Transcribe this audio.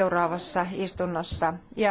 seuraavassa istunnossa. Ja